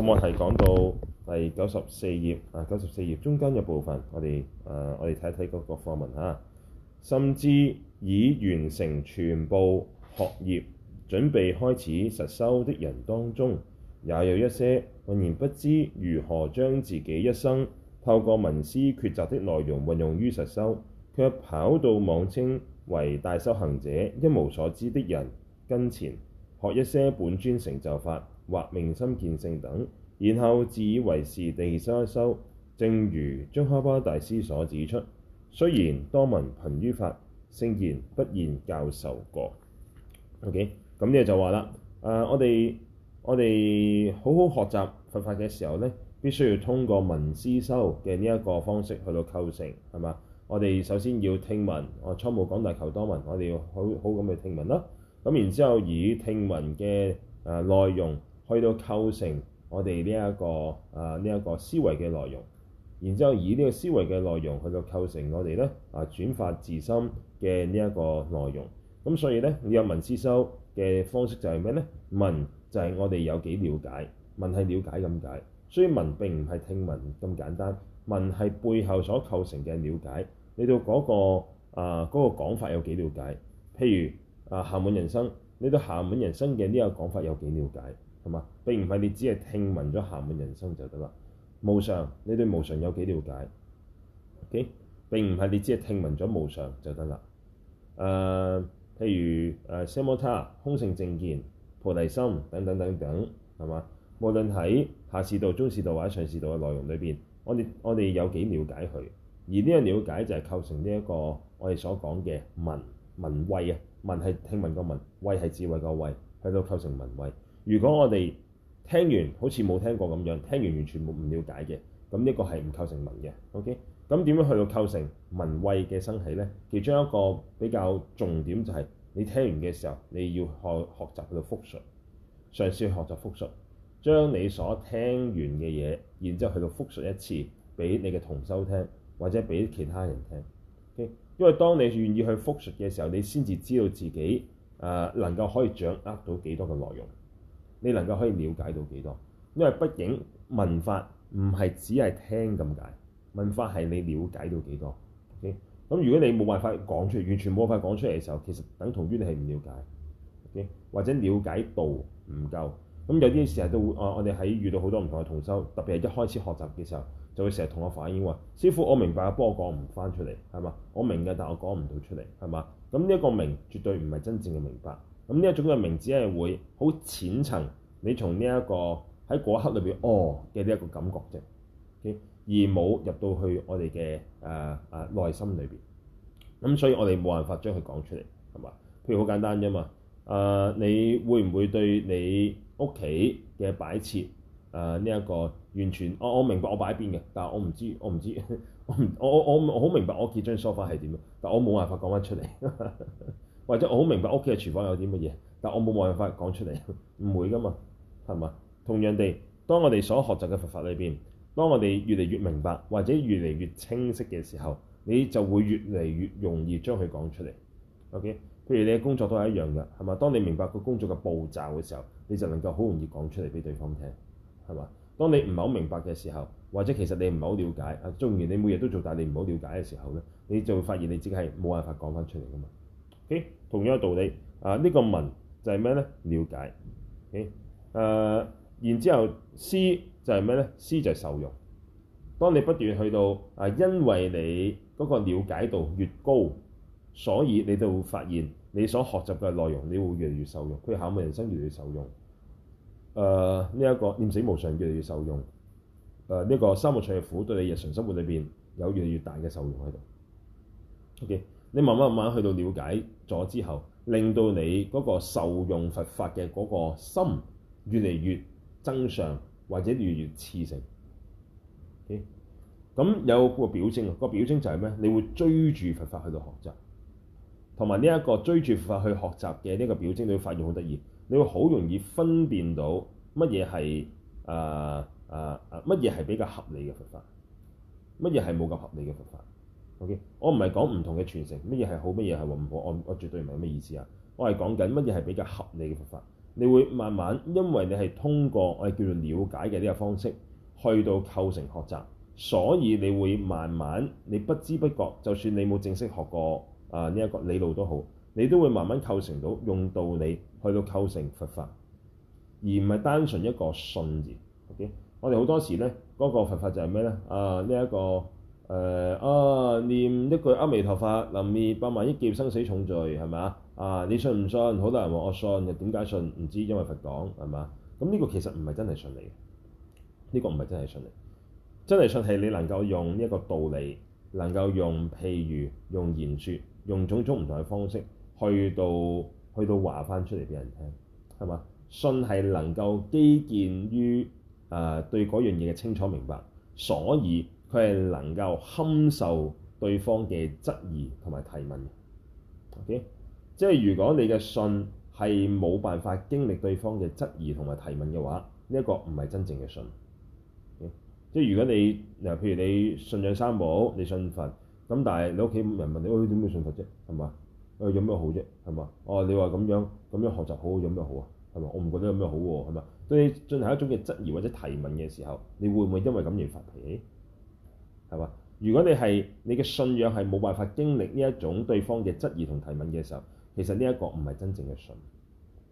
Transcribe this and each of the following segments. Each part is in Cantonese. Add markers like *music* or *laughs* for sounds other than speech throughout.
咁、嗯、我係講到第九十四頁啊，九十四頁中間有部分，我哋誒、呃、我哋睇睇嗰個課文啊。甚至已完成全部學業，準備開始實修的人當中，也有一些渾然不知如何將自己一生透過聞思抉擇的內容運用於實修，卻跑到妄稱為大修行者一無所知的人跟前學一些本尊成就法，或明心見性等，然後自以為是地修一修，正如宗喀巴大師所指出，雖然多聞貧於法，聖言不現教授過。OK，咁、嗯、呢、這個、就話啦，誒、呃、我哋我哋好好學習佛法嘅時候呢，必須要通過聞思修嘅呢一個方式去到構成，係嘛？我哋首先要聽聞，我初無講大求多聞，我哋要好好咁去聽聞啦。咁然之後以聽聞嘅誒內容。去到構成我哋呢一個啊呢一個思維嘅內容，然之後以呢個思維嘅內容去到構成我哋咧啊轉發自心嘅呢一個內容。咁所以呢，你有聞思修嘅方式就係咩呢？聞就係我哋有幾了解？聞係了解咁解，所以聞並唔係聽聞咁簡單。聞係背後所構成嘅了解。你對嗰個啊嗰個講法有幾了解？譬如啊，暇滿人生，你對暇滿人生嘅呢個講法有幾了解？係嘛？並唔係你只係聽聞咗暇滿人身就得啦。無常，你對無常有幾了解？Okay? 並唔係你只係聽聞咗無常就得啦。誒、呃，譬如誒奢、呃、摩他空性正見、菩提心等等等等，係嘛？無論喺下士道、中士道或者上士道嘅內容裏邊，我哋我哋有幾了解佢，而呢個了解就係構成呢一個我哋所講嘅聞、聞慧啊。聞係聽聞個聞，慧係智慧個慧，喺度構成聞慧。如果我哋聽完好似冇聽過咁樣，聽完完全冇唔了解嘅，咁呢個係唔構成文嘅。OK，咁點樣去到構成文慧嘅生起呢？其中一個比較重點就係、是、你聽完嘅時候，你要去學習去到複述，嘗試學習複述，將你所聽完嘅嘢，然之後去到複述一次俾你嘅同修聽，或者俾其他人聽。OK，因為當你願意去複述嘅時候，你先至知道自己啊、呃、能夠可以掌握到幾多嘅內容。你能夠可以了解到幾多？因為畢竟聞法唔係只係聽咁解，聞法係你了解到幾多咁、okay? 如果你冇辦法講出嚟，完全冇辦法講出嚟嘅時候，其實等同於你係唔了解、okay? 或者瞭解度唔夠。咁有啲事係都會、啊，我我哋喺遇到好多唔同嘅同修，特別係一開始學習嘅時候，就會成日同我反映話：師傅，我明白，幫我講唔返出嚟，係嘛？我明嘅，但我講唔到出嚟，係嘛？咁呢一個明，絕對唔係真正嘅明白。咁呢一種嘅名字係會好淺層，你從呢一個喺嗰刻裏邊哦嘅呢一個感覺啫，okay? 而冇入到去我哋嘅誒誒內心裏邊。咁、嗯、所以我哋冇辦法將佢講出嚟，係嘛？譬如好簡單啫嘛。誒、呃，你會唔會對你屋企嘅擺設誒呢一個完全？我、哦、我明白我擺喺邊嘅，但係我唔知我唔知我知我我我好明白我屋企張梳化係點，但我冇辦法講翻出嚟。 *laughs* 或者我好明白屋企嘅廚房有啲乜嘢，但我冇辦法講出嚟，唔 *laughs* 會噶嘛係嘛？同樣地，當我哋所學習嘅佛法裏邊，當我哋越嚟越明白或者越嚟越清晰嘅時候，你就會越嚟越容易將佢講出嚟。OK，譬如你嘅工作都係一樣噶，係嘛？當你明白個工作嘅步驟嘅時候，你就能夠好容易講出嚟俾對方聽，係嘛？當你唔係好明白嘅時候，或者其實你唔係好了解啊，縱然你每日都做，但係你唔好了解嘅時候咧，你就會發現你自己係冇辦法講翻出嚟噶嘛。Okay? 同樣嘅道理，啊呢、這個聞就係咩咧？了解，誒、okay? 啊、然之後思就係咩咧？思就係受用。當你不斷去到啊，因為你嗰個瞭解度越高，所以你就會發現你所學習嘅內容，你會越嚟越受用。佢考問人生越嚟越受用，誒，呢一個念死無常越嚟越受用，誒、啊、呢、這個三惡趣苦對你日常生活裏邊有越嚟越大嘅受用喺度。OK。你慢慢慢慢去到了解咗之後，令到你嗰個受用佛法嘅嗰個心越嚟越增上，或者越嚟越次性。咁、okay? 有個表徵，個表徵就係咩？你會追住佛法去到學習，同埋呢一個追住佛法去學習嘅呢個，個表徵，你會發現好得意，你會好容易分辨到乜嘢係啊啊啊乜嘢係比較合理嘅佛法，乜嘢係冇咁合理嘅佛法。O.K.，我唔係講唔同嘅傳承，乜嘢係好，乜嘢係唔好，我我絕對唔係咩意思啊！我係講緊乜嘢係比較合理嘅佛法。你會慢慢，因為你係通過我哋叫做了解嘅呢個方式，去到構成學習，所以你會慢慢，你不知不覺，就算你冇正式學過啊呢一個理路都好，你都會慢慢構成到用道理去到構成佛法，而唔係單純一個信字。O.K.，我哋好多時呢嗰、那個佛法就係咩呢？啊、呃，呢、這、一個。誒啊、呃！念一句阿彌陀佛，臨滅百萬億劫生死重罪係咪啊？啊！你信唔信？好多人話我信，又點解信？唔知因為佛講係嘛？咁呢、這個其實唔係真係信你嘅。呢個唔係真係信你。真係信係你，你能夠用呢一個道理，能夠用譬如用言說、用種種唔同嘅方式去到去到話返出嚟俾人聽係嘛？信係能夠基建於誒、呃、對嗰樣嘢嘅清楚明白，所以。佢係能夠堪受對方嘅質疑同埋提問 OK，即係如果你嘅信係冇辦法經歷對方嘅質疑同埋提問嘅話，呢一個唔係真正嘅信。Okay? 即係如果你嗱，譬如你信仰三寶，你信佛咁，但係你屋企人問你：哦，點樣信佛啫？係嘛？哦，有咩好啫？係嘛？哦，你話咁樣咁樣學習好，有咩好啊？係嘛？我唔覺得有咩好喎，係嘛？對你進行一種嘅質疑或者提問嘅時候，你會唔會因為咁而發脾氣？係嘛？如果你係你嘅信仰係冇辦法經歷呢一種對方嘅質疑同提問嘅時候，其實呢一個唔係真正嘅信，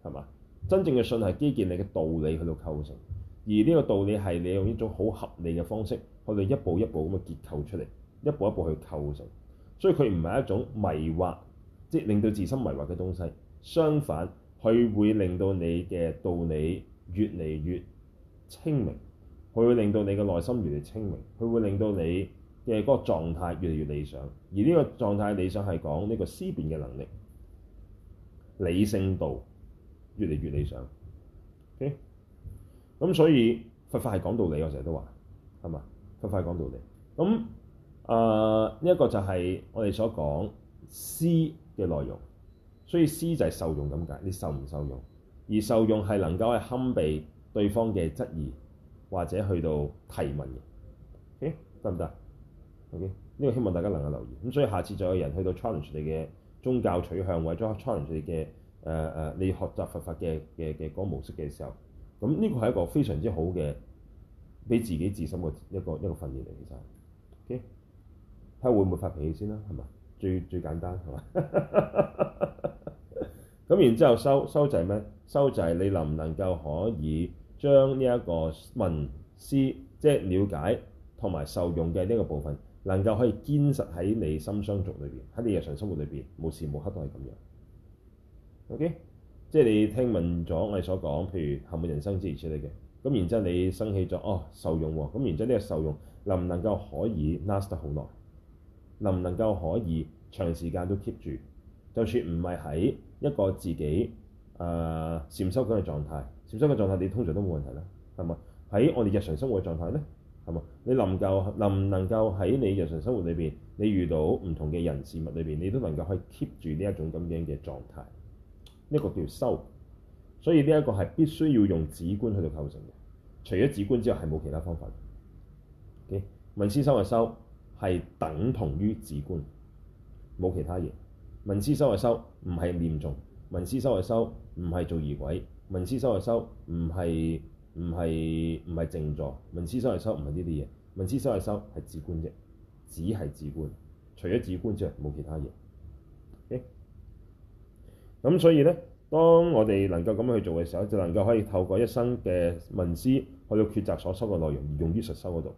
係嘛？真正嘅信係基建你嘅道理去到構成，而呢個道理係你用一種好合理嘅方式，去到一步一步咁嘅結構出嚟，一步一步去構成，所以佢唔係一種迷惑，即係令到自身迷惑嘅東西。相反，佢會令到你嘅道理越嚟越清明。佢會令到你嘅內心越嚟越清明，佢會令到你嘅嗰個狀態越嚟越理想。而呢個狀態理想係講呢個思辨嘅能力理性度越嚟越理想。OK，咁所以佛法係講道理，我成日都話係嘛？佛法講道理。咁啊，呢一個就係我哋所講思嘅內容。所以思就係受用咁解，你受唔受用？而受用係能夠去堪備對方嘅質疑。或者去到提問嘅，得唔得？OK，呢、okay? 個希望大家能夠留意。咁所以下次就有人去到 challenge 你嘅宗教取向，或者 challenge 你嘅誒誒，你學習佛法嘅嘅嘅嗰模式嘅時候，咁呢個係一個非常之好嘅，俾自己自省嘅一個一個訓練嚟，其實 OK，睇下會唔會發脾氣先啦、啊，係嘛？最最簡單係嘛？咁 *laughs* 然之後收收債咩？收債你能唔能夠可以？將呢一個聞思，即係了解同埋受用嘅呢個部分，能夠可以堅實喺你心相續裏邊，喺你日常生活裏邊，無時無刻都係咁樣。OK，即係你聽聞咗我哋所講，譬如後面人生之類出嚟嘅，咁然之後你生起咗，哦受用喎、啊，咁然之後呢個受用能唔能夠可以 last 得好耐？能唔能夠可以長時間都 keep 住？就算唔係喺一個自己誒禪修緊嘅狀態。小心嘅狀態，你通常都冇問題啦，係嘛？喺我哋日常生活嘅狀態咧，係嘛？你能夠能唔能夠喺你日常生活裏邊，你遇到唔同嘅人事物裏邊，你都能夠去 keep 住呢一種咁樣嘅狀態，呢、這個叫修。所以呢一個係必須要用止觀去到構成嘅，除咗止觀之外係冇其他方法嘅。Okay? 文思修嘅修係等同於止觀，冇其他嘢。文思修嘅修唔係念誦。文思修嘅修唔係做儀軌。文思修係修，唔係唔係唔係靜坐。文思修係修，唔係呢啲嘢。文思修係修，係止觀啫，只係止觀，除咗止觀之外冇其他嘢。咁、okay? 所以咧，當我哋能夠咁樣去做嘅時候，就能夠可以透過一生嘅文思去到抉擇所修嘅內容，而用於實修嗰度。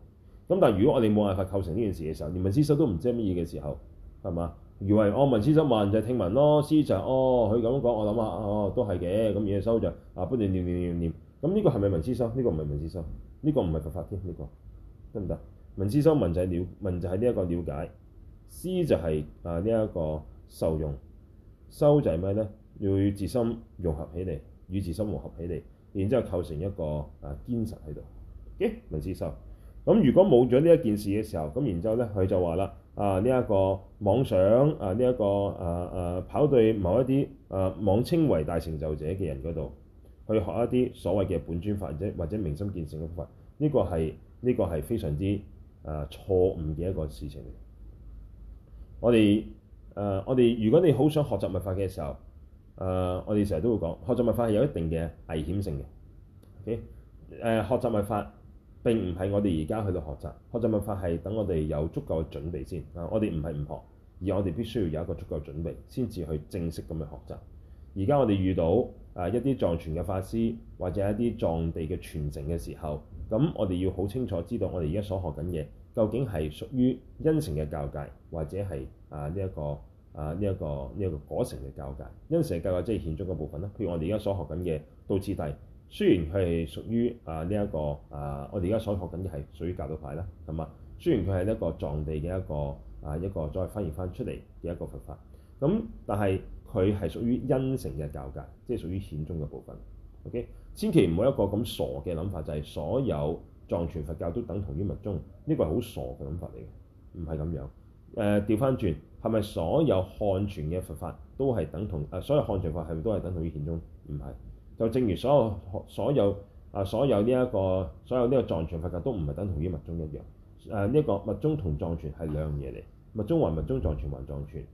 咁但係如果我哋冇辦法構成呢件事嘅時候，連文思修都唔知係乜嘢嘅時候，係嘛？以為哦，聞思修，聞就係聽聞咯。思就是、哦，佢咁講，我諗下，哦都係嘅。咁然後修着，啊，不斷念念念念。咁呢個係咪聞思修？呢、這個唔係聞思修，呢、這個唔係佛法添，呢、這個得唔得？聞思修，聞就係了，聞就係呢一個了解。思就係啊，呢一個受用。修就係咩咧？要自心融合起嚟，與自心融合起嚟，然之後構成一個啊堅實喺度。嘅聞思修。咁如果冇咗呢一件事嘅時候，咁然之後咧，佢就話啦。啊！呢、這、一個妄想啊！呢、這、一個啊啊跑對某一啲啊妄稱為大成就者嘅人嗰度去學一啲所謂嘅本尊法，或者或者明心見性嘅法，呢、這個係呢、這個係非常之啊錯誤嘅一個事情嚟。我哋誒、啊、我哋如果你好想學習密法嘅時候，誒、啊、我哋成日都會講學習密法係有一定嘅危險性嘅。O K 誒學習密法。並唔係我哋而家去到學習，學習佛法係等我哋有足夠嘅準備先。啊，我哋唔係唔學，而我哋必須要有一個足夠準備，先至去正式咁去學習。而家我哋遇到啊一啲藏傳嘅法師或者一啲藏地嘅傳承嘅時候，咁我哋要好清楚知道我哋而家所學緊嘢究竟係屬於因成嘅教界，或者係啊呢一個啊呢一個呢一個果成嘅教界。因成嘅教界即係顯宗嘅部分啦，譬如我哋而家所學緊嘅《道次第》。雖然佢係屬於啊呢一、這個啊，我哋而家所學緊嘅係屬於教導派啦，同、嗯、埋雖然佢係一個藏地嘅一個啊一個再翻譯返出嚟嘅一個佛法，咁、嗯、但係佢係屬於因成嘅教格，即係屬於顯宗嘅部分。OK，千祈唔好一個咁傻嘅諗法，就係、是、所有藏傳佛教都等同於密宗，呢個係好傻嘅諗法嚟嘅，唔係咁樣。誒，調返轉係咪所有漢傳嘅佛法都係等同？誒、啊、所有漢傳法係咪都係等同於顯宗？唔係。就正如所有、所有啊、所有呢一個、所有呢個藏傳佛教都唔係等同於密宗一樣。誒呢個密宗同藏傳係兩樣嘢嚟，密宗還密宗，藏傳還藏傳。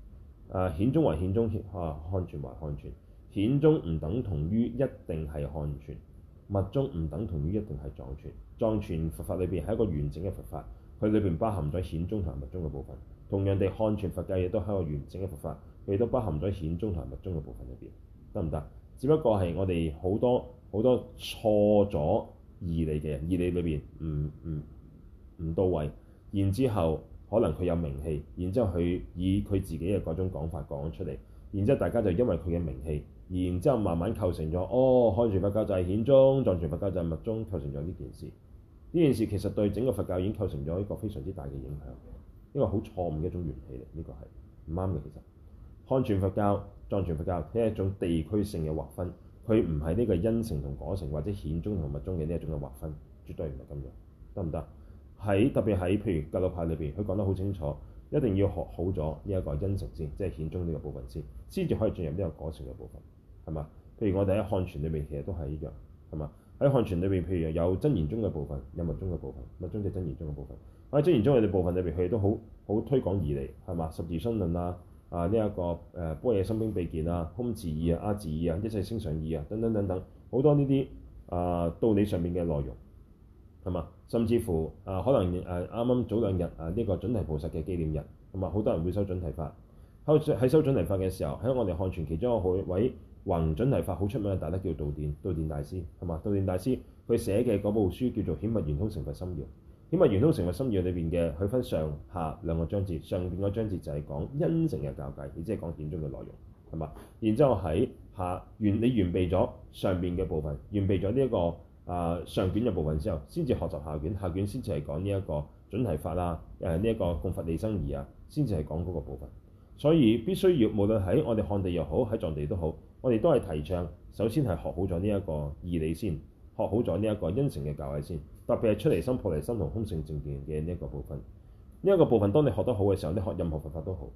啊顯宗還顯宗，啊漢傳還漢傳。顯宗唔等同於一定係漢傳，密宗唔等同於一定係藏傳。藏傳佛法裏邊係一個完整嘅佛法，佢裏邊包含咗顯宗同埋密宗嘅部分。同樣地，漢傳佛教亦都係一個完整嘅佛法，佢都包含咗顯宗同埋密宗嘅部分入邊，得唔得？只不過係我哋好多好多錯咗義理嘅人，義理裏邊唔唔唔到位，然之後可能佢有名氣，然之後佢以佢自己嘅嗰種講法講出嚟，然之後大家就因為佢嘅名氣，然之後慢慢構成咗哦，漢傳佛教就係顯宗，藏傳佛教就係密宗，構成咗呢件事。呢件事其實對整個佛教已經構成咗一個非常之大嘅影響，呢個好錯誤嘅一種傳承嚟，呢、這個係唔啱嘅。其實漢傳佛教。藏傳佛教係一種地區性嘅劃分，佢唔係呢個因乘同果乘，或者顯宗同密宗嘅呢一種嘅劃分，絕對唔係咁樣，得唔得？喺特別喺譬如格魯派裏邊，佢講得好清楚，一定要學好咗呢一個因乘先，即係顯宗呢個部分先，先至可以進入呢個果乘嘅部分，係嘛？譬如我哋喺漢傳裏面其實都係一樣，係嘛？喺漢傳裏面，譬如有真言宗嘅部分，有密宗嘅部分，密宗嘅真言宗嘅部分。喺真言宗嘅部分裏面，佢哋都好好推廣而嚟，係嘛？十住心論啊。啊呢一，這個誒般若心兵秘鍵啊空字義啊阿字義啊，自啊一切星上義啊等等等等好多呢啲啊道理上面嘅內容係嘛？甚至乎啊可能誒啱啱早兩日啊呢、這個準提菩薩嘅紀念日，同埋好多人會修準提法。喺修準提法嘅時候，喺我哋漢傳其中一個位位弘準提法好出名嘅大德叫道殿，道殿大師係嘛？道殿大師佢寫嘅嗰部書叫做《顯密圓通成佛心要》。因為圓通成佛心要裏邊嘅，佢分上下兩個章節。上邊嗰章節就係講恩承嘅教界，亦即係講顯宗嘅內容，係嘛？然之後喺下完，你完備咗上邊嘅部分，完備咗呢一個啊、呃、上卷嘅部分之後，先至學習下卷。下卷先至係講呢一個準提法啦，誒呢一個供佛利生儀啊，先至係講嗰個部分。所以必須要無論喺我哋漢地又好，喺藏地都好，我哋都係提倡，首先係學好咗呢一個義理先，學好咗呢一個恩承嘅教界先。特別係出離心、破離心同空性正見嘅呢一個部分，呢、這、一個部分，當你學得好嘅時候，你學任何佛法都好。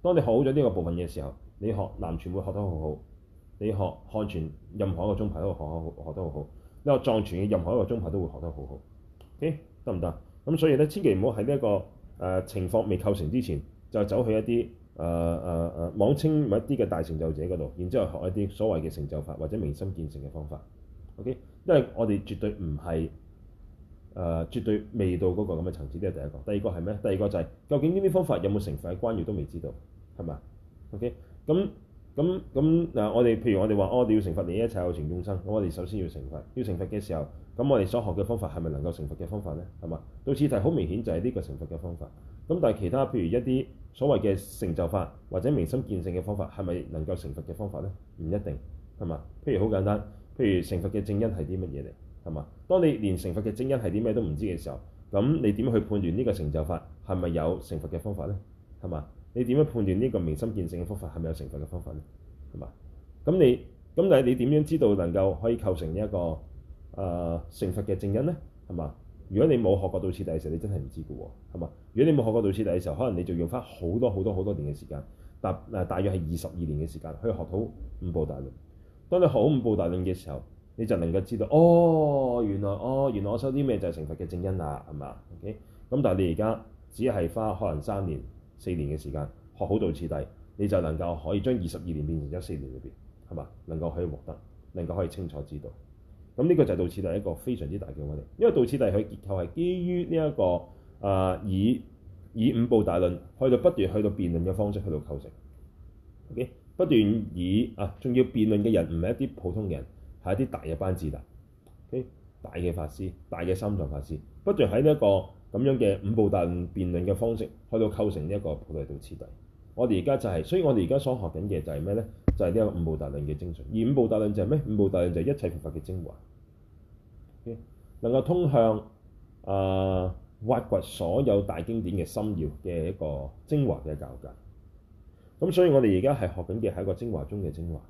當你學好咗呢個部分嘅時候，你學南傳會學得好好，你學漢傳任何一個宗派都會學好好學得好好，你學藏傳嘅任何一個宗派都會學得好好。O K. 得唔得？咁所以咧，千祈唔好喺呢一個誒、呃、情況未構成之前，就走去一啲誒誒誒妄稱為一啲嘅大成就者嗰度，然之後學一啲所謂嘅成就法或者明心見性嘅方法。O、okay? K. 因為我哋絕對唔係。誒、呃，絕對未到嗰個咁嘅層次，呢係第一個。第二個係咩？第二個就係、是、究竟呢啲方法有冇成佛嘅關要都未知道，係咪？OK，咁咁咁嗱，我哋譬如我哋話我哋要成佛，你一切有情眾生，咁我哋首先要成佛。要成佛嘅時候，咁我哋所學嘅方法係咪能夠成佛嘅方法咧？係嘛？道次第好明顯就係呢個成佛嘅方法。咁但係其他譬如一啲所謂嘅成就法或者明心見性嘅方法，係咪能夠成佛嘅方法咧？唔一定係嘛？譬如好簡單，譬如成佛嘅正因係啲乜嘢嚟？係嘛？當你連成佛嘅正因係啲咩都唔知嘅時候，咁你點去判斷呢個成就法係咪有成佛嘅方法咧？係嘛？你點樣判斷呢個明心見性嘅方法係咪有成佛嘅方法咧？係嘛？咁你咁但係你點樣知道能夠可以構成一個誒、呃、成佛嘅正因咧？係嘛？如果你冇學過道次第嘅時候，你真係唔知嘅喎。係嘛？如果你冇學過道次第嘅時候，可能你就用翻好多好多好多好多年嘅時間，大誒大約係二十二年嘅時間去學好五部大論。當你學好五部大論嘅時候，你就能夠知道哦，原來哦，原來我修啲咩就係成佛嘅正因啊，係嘛？OK，咁但係你而家只係花可能三年、四年嘅時間學好道次第，你就能夠可以將二十二年變成一四年裏邊，係嘛？能夠可以獲得，能夠可以清楚知道。咁呢個就係道次第一個非常之大嘅威力，因為道次第佢結構係基於呢、這、一個啊、呃，以以五部大論去到不斷去到辯論嘅方式去到構成 OK，不斷以啊，仲要辯論嘅人唔係一啲普通人。係一啲大嘅班智達，大嘅、okay? 法師，大嘅三藏法師，不斷喺呢一個咁樣嘅五部大論辯論嘅方式，去到構成呢一個菩提道次第。我哋而家就係、是，所以我哋而家所學緊嘅就係咩咧？就係、是、呢個五部大論嘅精髓。而五部大論就係咩？五部大論就係一切佛法嘅精華、okay? 能夠通向啊、呃、挖掘所有大經典嘅心要嘅一個精華嘅教法。咁所以我哋而家係學緊嘅係一個精華中嘅精華、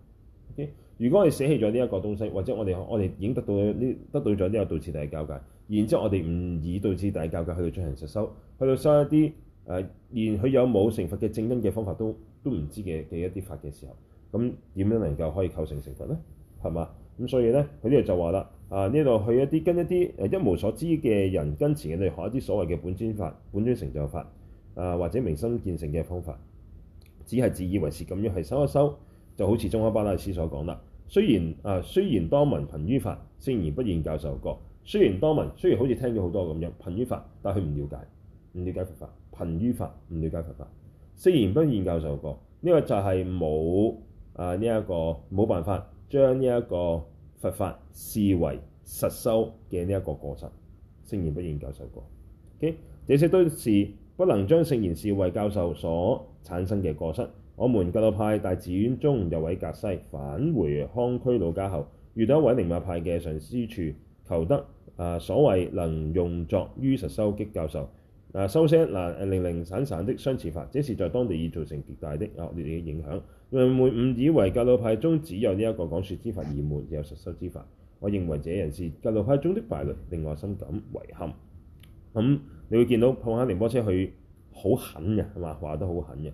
okay? 如果我哋捨棄咗呢一個東西，或者我哋我哋已經得到咗呢得到咗呢個道次第教界，然之後我哋唔以道次第教界去到進行實修，去到修一啲誒、呃、連佢有冇成佛嘅正因嘅方法都都唔知嘅嘅一啲法嘅時候，咁點樣能夠可以構成成佛呢？係嘛？咁所以呢，佢呢度就話啦，啊呢度去一啲跟一啲誒、啊、一無所知嘅人跟前，你學一啲所謂嘅本尊法、本尊成就法啊，或者明心見性嘅方法，只係自以為是咁樣係修一修，就好似宗喀巴拉斯所講啦。雖然啊、呃，雖然多聞貧於法，聖言不現教授過；雖然多聞，雖然好似聽咗好多咁樣貧於法，但係佢唔了解，唔了解佛法，貧於法，唔了解佛法。聖言不現教授過，呢、呃，這個就係冇啊呢一個冇辦法將呢一個佛法視為實修嘅呢一個過失。聖言不現教授過，OK，這些都是不能將聖言視為教授所產生嘅過失。我們格魯派大寺院中有位格西，返回康區老家後，遇到一位寧瑪派嘅上師處求得啊、呃、所謂能用作於實修嘅教授嗱收聲嗱零零散散，散的相似法，這是在當地已造成極大的惡劣嘅影響。人們誤以為格魯派中只有呢一個講説之法而，而沒有實修之法。我認為這人是格魯派中的敗類，令我深感遺憾。咁、嗯、你會見到碰下仁波切去。好狠嘅係嘛？話得好狠嘅。咁、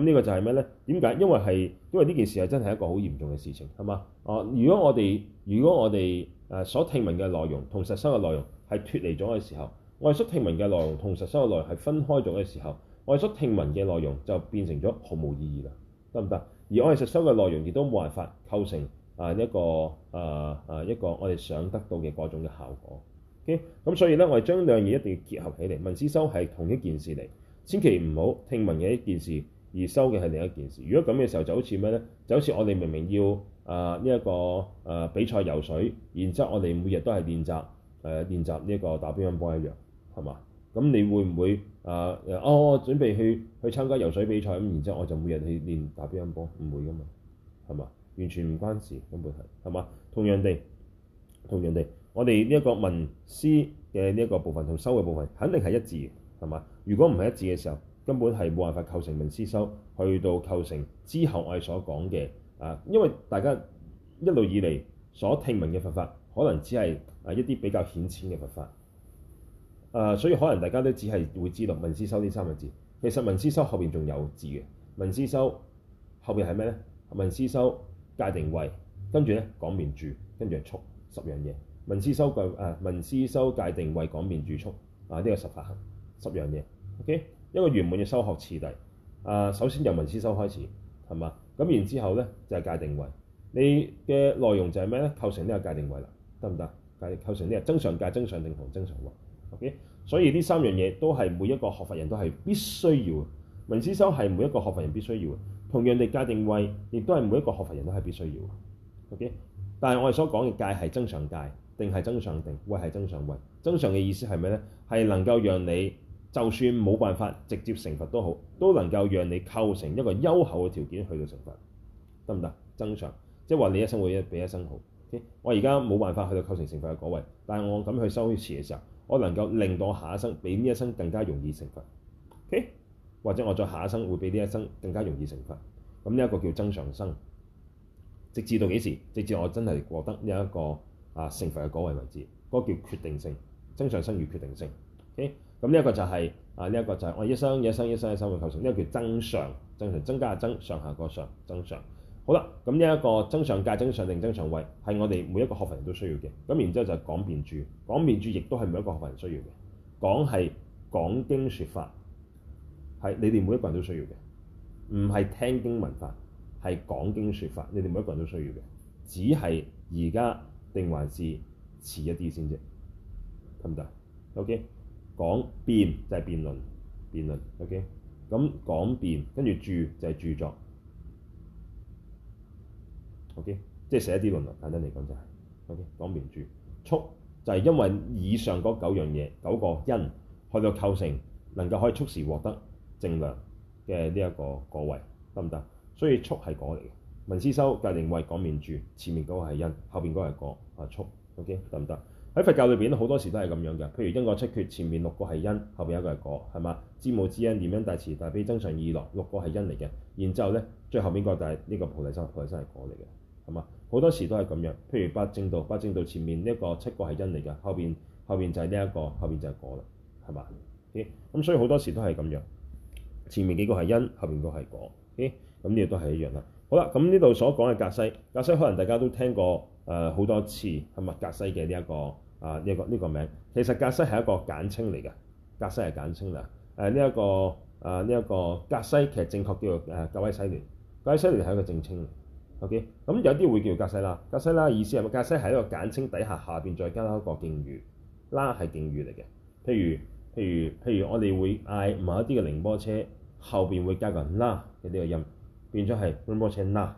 okay? 呢個就係咩呢？點解？因為係因為呢件事係真係一個好嚴重嘅事情係嘛？哦、呃！如果我哋如果我哋誒所聽聞嘅內容同實修嘅內容係脫離咗嘅時候，我哋所聽聞嘅內容同實修嘅內容係分開咗嘅時候，我哋所聽聞嘅內容就變成咗毫無意義啦，得唔得？而我哋實修嘅內容亦都冇辦法構成啊一個啊啊、呃、一個我哋想得到嘅嗰種嘅效果。咁、okay? 所以呢，我哋將兩嘢一定要結合起嚟，聞思修係同一件事嚟。千祈唔好聽聞嘅一件事而收嘅係另一件事。如果咁嘅時候就好似咩呢？就好似我哋明明要啊呢一個誒、呃、比賽游水，然之後我哋每日都係練習誒練習呢一個打乒乓波一樣，係嘛？咁你會唔會啊、呃？哦，我準備去去參加游水比賽咁，然之後我就每日去練打乒乓波，唔會噶嘛係嘛？完全唔關事，根本係係嘛？同樣地，同樣地，我哋呢一個聞思嘅呢一個部分同收嘅部分肯定係一致嘅係嘛？如果唔係一致嘅時候，根本係冇辦法構成聞思修。去到構成之後我，我哋所講嘅啊，因為大家一路以嚟所聽聞嘅佛法，可能只係啊一啲比較顯淺嘅佛法。啊，所以可能大家都只係會知道聞思修呢三個字。其實聞思修後邊仲有字嘅。聞思修後邊係咩呢？聞思修戒定慧，跟住呢講辯著，跟住係述，十樣嘢。聞思修戒啊，聞思修戒定慧講辯著述啊，呢個十法行。十樣嘢，OK，一個圓滿嘅修學次第。啊，首先由聞思修開始，係嘛？咁然之後咧就係、是、戒定慧。你嘅內容就係咩咧？構成呢個戒定慧啦，得唔得？戒定構成呢、這個增上戒、增上定同增上慧 OK，所以呢三樣嘢都係每一個學佛人都係必須要嘅。聞思修係每一個學佛人必須要嘅。同樣地，戒定慧亦都係每一個學佛人都係必須要嘅。OK，但係我哋所講嘅戒係增上戒，定係增上定，慧係增上慧，增上嘅意思係咩咧？係能夠讓你。就算冇辦法直接成佛都好，都能夠讓你構成一個優厚嘅條件去到成佛，得唔得？增長即係話你一生會一比一生好。Okay? 我而家冇辦法去到構成成佛嘅果位，但係我咁去修持嘅時候，我能夠令到我下一生比呢一生更加容易成佛。Okay? 或者我再下一生會比呢一生更加容易成佛。咁呢一個叫增上生，直至到幾時？直至我真係獲得呢、這、一個啊成佛嘅果位為止，嗰、那個叫決定性增上生與決定性。Okay? 咁呢一個就係啊，呢一個就係我一生、一生、一生、一生嘅構成。呢個叫增上，增上增加下，增上下個上增上。好啦，咁呢一個增上戒、增上定、增上慧，係我哋每一個學佛人都需要嘅。咁然之後就係講辯著，講辯著亦都係每一個學佛人需要嘅。講係講經説法，係你哋每一個人都需要嘅，唔係聽經聞法，係講經説法。你哋每一個人都需要嘅，只係而家定還是遲一啲先啫，得唔得？OK。講辯就係、是、辯論，辯論，OK。咁講辯，跟住著、著、著就係、是、著作，OK。即係寫一啲論文，簡單嚟講就係，OK。講辯著，速就係、是、因為以上嗰九樣嘢，九個因去到構成，能夠可以促時獲得正量嘅呢一個果位，得唔得？所以速係果嚟嘅。聞思修就係認為講辯著，前面嗰個係因，後邊嗰個係果啊，速，OK，得唔得？喺佛教裏邊好多時都係咁樣嘅。譬如因果七訣，前面六個係因，後邊一個係果，係嘛？知母、知恩、念恩、大慈、大悲、增上意樂，六個係因嚟嘅。然之後咧，最後面嗰個就係呢個菩提心，菩提心係果嚟嘅，係嘛？好多時都係咁樣。譬如八正道，八正道前面呢一、這個七個係因嚟嘅，後邊後邊就係呢一個，後邊就係果啦，係嘛？咁、okay? 嗯、所以好多時都係咁樣，前面幾個係因，後邊個係果。咁呢個都係一樣啦。好啦，咁呢度所講嘅格西，格西可能大家都聽過誒好、呃、多次，係咪？格西嘅呢一個。啊！呢、這個呢、這個名其實格西係一個簡稱嚟嘅，格西係簡稱啦。誒呢一個啊，呢一個格西，其實正確叫做格威西聯，格威西聯係一個正稱。OK，咁、嗯、有啲會叫格西拉，格西拉意思係咪？格西係一個簡稱底下，下邊再加一個敬語，拉係敬語嚟嘅。譬如譬如譬如，譬如譬如我哋會嗌某一啲嘅仁波切，後邊會加個拉嘅呢個音，變咗係仁波切拉，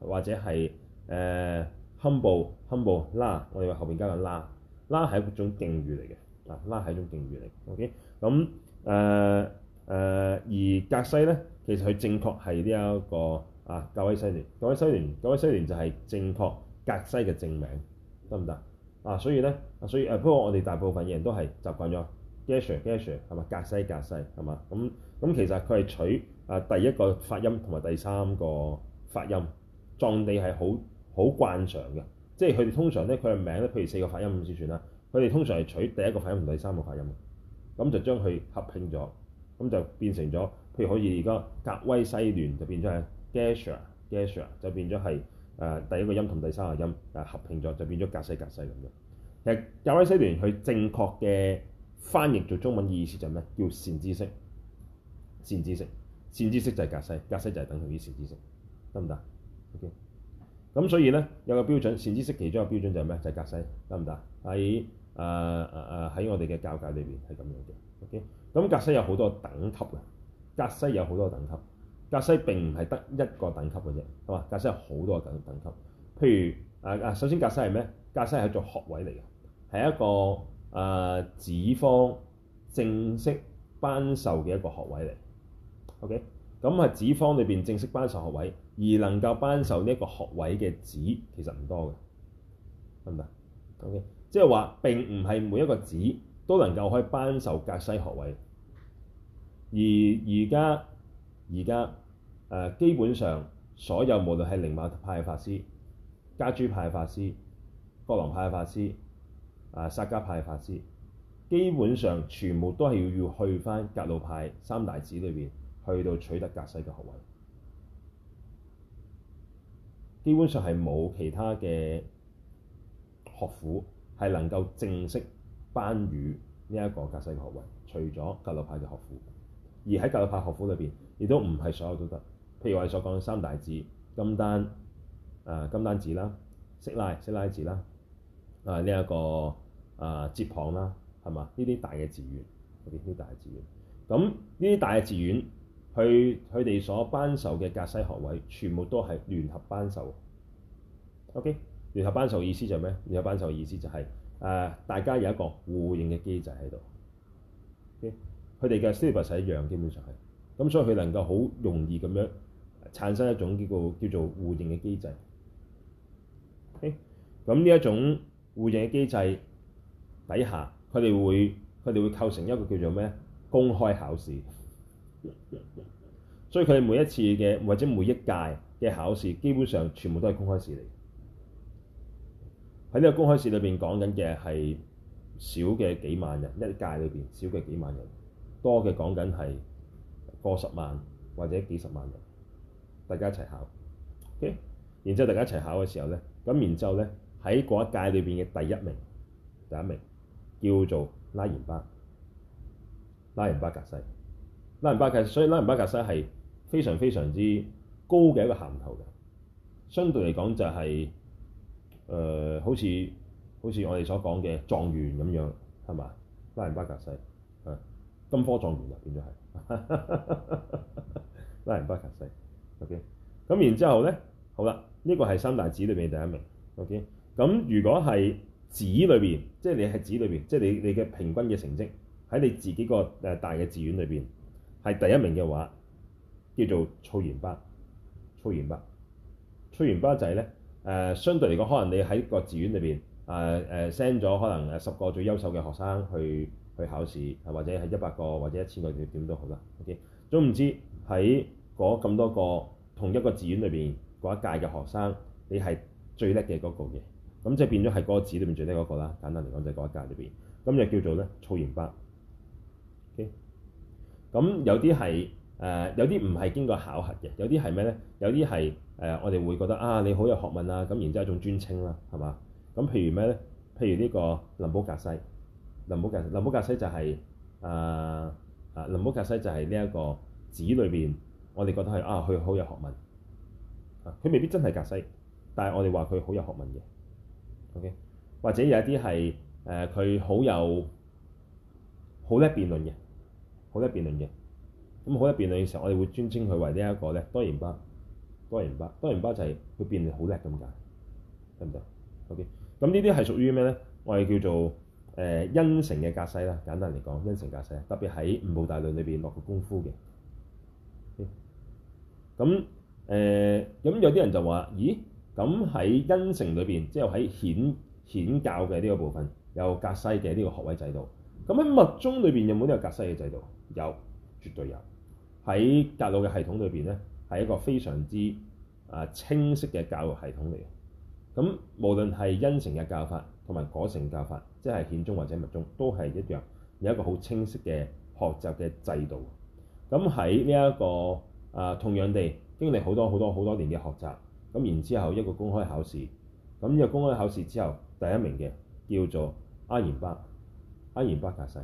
或者係誒、呃、humble humble 拉，我哋話後邊加個拉。拉係一種敬語嚟嘅，嗱，拉係一種敬語嚟，OK，嘅。咁誒誒，而格西咧，其實佢正確係呢一個啊，格威西聯，格威西聯，格威西聯就係正確格西嘅正名，得唔得？啊，所以咧，所以誒、啊，不過我哋大部分嘅人都係習慣咗 geshe 格西格西係嘛？咁咁其實佢係取啊第一個發音同埋第三個發音，藏地係好好慣常嘅。即係佢哋通常咧，佢嘅名咧，譬如四個發音咁先算啦。佢哋通常係取第一個發音同第三個發音，咁就將佢合拼咗，咁就變成咗。譬如可以而家格威西聯就變咗係 Gesha，Gesha 就變咗係誒第一個音同第三個音誒合拼咗，就變咗格西格西，咁樣。其實格威西聯佢正確嘅翻譯做中文意思就係咩？叫善知識，善知識，善知識就係格西，格西就係等同於善知識，得唔得？OK。咁所以咧，有個標準，善知識其中一個標準就係咩？就係格西，得唔得？喺誒誒誒喺我哋嘅教界裏邊係咁樣嘅。OK，咁格西有好多等級嘅，格西有好多等級。格西並唔係得一個等級嘅啫，係嘛？格西有好多等等級。譬如誒誒、呃，首先格西係咩？格西係做學位嚟嘅，係一個誒寺方正式頒授嘅一個學位嚟。OK，咁係寺方裏邊正式頒授學位。Okay? 而能夠頒授呢一個學位嘅寺其實唔多嘅，得唔得？OK，即係話並唔係每一個寺都能夠可以頒授格西學位。而而家而家基本上所有無論係寧瑪派嘅法師、噶舉派嘅法師、覺囊派嘅法師、誒薩迦派嘅法師，基本上全部都係要要去翻格魯派三大寺裏邊去到取得格西嘅學位。基本上係冇其他嘅學府係能夠正式頒予呢一個格西嘅學位，除咗格魯派嘅學府。而喺格魯派學府裏邊，亦都唔係所有都得。譬如我哋所講嘅三大寺金丹，誒、呃、金丹寺啦，色拉色拉寺啦，誒呢一個誒、呃、哲蚌啦，係嘛？呢啲大嘅寺院，嗰啲大嘅寺院。咁呢啲大嘅寺院。佢佢哋所頒授嘅格西學位，全部都係聯合頒授。O K，聯合頒授意，意思就係、是、咩？聯合頒授意思就係誒，大家有一個互認嘅機制喺度。O K，佢哋嘅 syllabus 是一樣，基本上係。咁所以佢能夠好容易咁樣產生一種叫做叫做互認嘅機制。O K，咁呢一種互認嘅機制底下，佢哋會佢哋會構成一個叫做咩公開考試。所以佢哋每一次嘅，或者每一屆嘅考試，基本上全部都係公開試嚟。喺呢個公開試裏邊講緊嘅係少嘅幾萬人，一屆裏邊少嘅幾萬人，多嘅講緊係過十萬或者幾十萬人，大家一齊考。OK，然之後大家一齊考嘅時候呢，咁然之後呢，喺嗰一屆裏邊嘅第一名，第一名叫做拉延巴，拉延巴格西。拉人巴格，所以拉人巴格西係非常非常之高嘅一個銜頭嘅。相對嚟講就係、是、誒、呃，好似好似我哋所講嘅狀元咁樣，係嘛？拉人巴格西誒、啊、金科狀元啊，變咗係拉人巴格西。O K，咁然之後咧，好啦，呢個係三大寺裏邊第一名。O K，咁如果係寺裏邊，即、就、係、是、你係寺裏邊，即、就、係、是、你你嘅平均嘅成績喺你自己個誒大嘅寺院裏邊，係第一名嘅話，叫做粗研班。粗研班，粗研班仔係咧，誒、呃、相對嚟講，可能你喺個寺院裏邊，誒誒 send 咗可能誒十個最優秀嘅學生去去考試，或者係一百個或者一千個點點都好啦。O.K. 總唔知喺嗰咁多個同一個寺院裏邊嗰一屆嘅學生，你係最叻嘅嗰個嘅，咁即係變咗係嗰個紙裏邊最叻嗰、嗰個啦。簡單嚟講，就係嗰一屆裏邊，咁就叫做咧粗研班。咁有啲係誒，有啲唔係經過考核嘅，有啲係咩咧？有啲係誒，我哋會覺得啊，你好有學問啊！咁然之後一種專稱啦，係嘛？咁譬如咩咧？譬如呢個林寶格西，林寶格林寶格西就係、是、啊啊，林寶格西就係呢一個紙裏邊，我哋覺得係啊，佢好有學問啊，佢未必真係格西，但係我哋話佢好有學問嘅。OK，或者有一啲係誒，佢、呃、好有好叻辯論嘅。好得辯論嘅。咁好得辯論嘅時候，我哋會尊稱佢為呢、這、一個咧多元巴、多元巴、多元巴就係佢辯論好叻咁解，明唔明？OK，咁呢啲係屬於咩咧？我哋叫做誒恩城嘅格西啦，簡單嚟講，恩城格西，特別喺五部大論裏邊落個功夫嘅。咁、okay. 誒，咁、呃、有啲人就話，咦，咁喺恩城裏邊，即係喺顯顯教嘅呢個部分有格西嘅呢個學位制度。咁喺密宗裏邊有冇呢個格西嘅制度？有，絕對有。喺格魯嘅系統裏邊呢，係一個非常之啊清晰嘅教育系統嚟嘅。咁無論係因乘嘅教法同埋果乘教法，即係顯宗或者密宗，都係一樣有一個好清晰嘅學習嘅制度。咁喺呢一個啊、呃，同樣地經歷好多好多好多好多年嘅學習，咁然之後一個公開考試，咁呢個公開考試之後第一名嘅叫做阿然巴，阿然巴格西。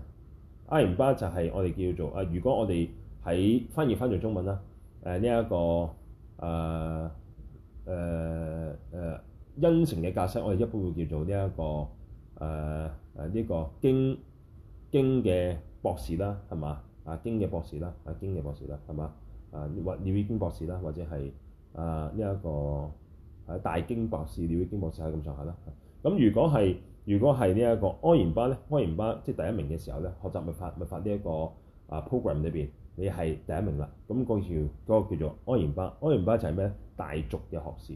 阿彌巴就係我哋叫做啊，如果我哋喺翻譯翻做中文啦，誒呢一個誒誒誒恩承嘅格西，我哋一般會叫做呢、這、一個誒誒呢個經經嘅博士啦，係嘛？啊經嘅博士啦，啊經嘅博士啦，係嘛？啊或了悟經博士啦，或者係啊呢一、這個喺、啊、大經博士、了悟經博士喺咁上下啦。咁、啊、如果係如果係呢一個安然班咧，安然班即係第一名嘅時候咧，學習密法密法呢一個啊 program 裏邊，你係第一名啦。咁嗰條嗰個叫做安然班，安然班就係咩？大族嘅學士，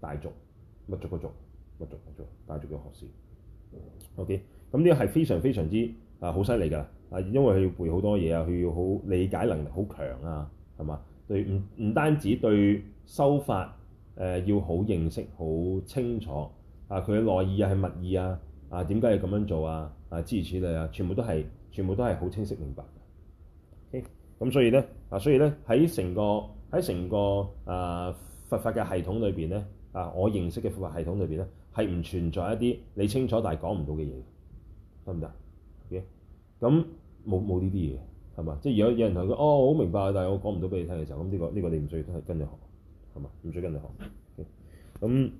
大族，密族嘅族，密族嘅族，大族嘅學士。OK，咁呢個係非常非常之啊好犀利㗎喇。啊，因為佢要背好多嘢啊，佢要好理解能力好強啊，係嘛？對，唔唔單止對修法誒、啊、要好認識好清楚。啊！佢嘅內意啊，係乜意啊，啊點解要咁樣做啊？啊，諸如此類啊，全部都係，全部都係好清晰明白。咁 Okay. 所以咧啊，所以咧喺成個喺成個啊佛法嘅系統裏邊咧啊，我認識嘅佛法系統裏邊咧係唔存在一啲你清楚但係講唔到嘅嘢，得唔得？咁冇冇呢啲嘢係嘛？即係如果有人同佢哦好明白，但係我講唔到俾你聽嘅時候，咁呢、呢個呢、呢個你唔需要都係跟你學係嘛？唔需要跟你學。咁、okay. 嗯、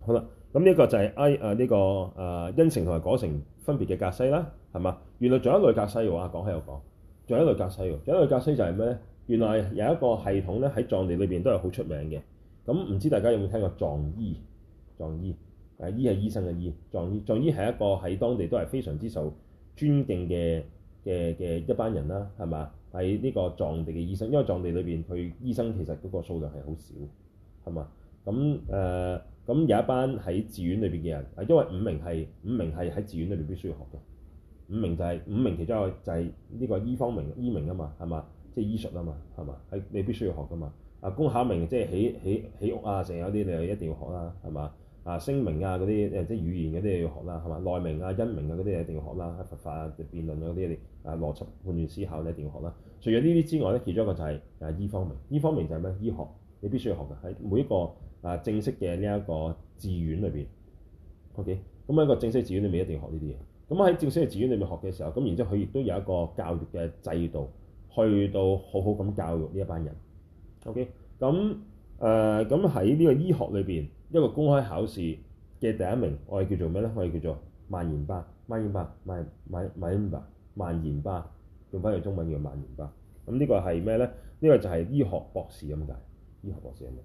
好啦。咁呢一個就係 I 呢個誒、啊、因成同埋果成分別嘅格西啦，係嘛？原來仲有一類格西喎，阿講喺度講，仲有一類格西喎，仲有一類格西就係咩咧？原來有一個系統咧喺藏地裏邊都係好出名嘅。咁唔知大家有冇聽過藏醫？藏醫誒、啊、醫係醫生嘅醫，藏醫藏醫係一個喺當地都係非常之受尊敬嘅嘅嘅一班人啦，係嘛？喺呢個藏地嘅醫生，因為藏地裏邊佢醫生其實嗰個數量係好少，係嘛？咁誒。呃咁有一班喺寺院裏邊嘅人啊，因為五明係五明係喺寺院裏邊必須要學嘅。五明就係、是、五明，其中一個就係呢個醫方明醫明啊嘛，係嘛？即係醫術啊嘛，係嘛？係你必須要學㗎嘛？啊，工巧明即係起起起屋啊，成日啲你一定要學啦，係嘛？啊，聲明啊嗰啲即係語言嗰啲你要學啦，係嘛？內明啊、因明啊嗰啲你一定要學啦、啊啊，佛法啊、就是、辯論嗰啲你啊，啊邏輯判斷思考你一定要學啦。除咗呢啲之外咧，其中一個就係、是、啊、就是、醫方明，醫方明就係咩？醫學你必須要學嘅係每一個。啊！正式嘅呢、OK? 一個寺院裏邊，OK，咁喺個正式寺院裏面一定要學呢啲嘢。咁喺正式嘅寺院裏面學嘅時候，咁然之後佢亦都有一個教育嘅制度，去到好好咁教育呢一班人。OK，咁誒咁喺呢個醫學裏邊，一個公開考試嘅第一名，我哋叫做咩咧？我哋叫做萬延班。萬延班，萬言萬萬延班，用翻個中文叫萬延班。咁呢個係咩咧？呢、呢個就係醫學博士咁解，醫學博士咁解。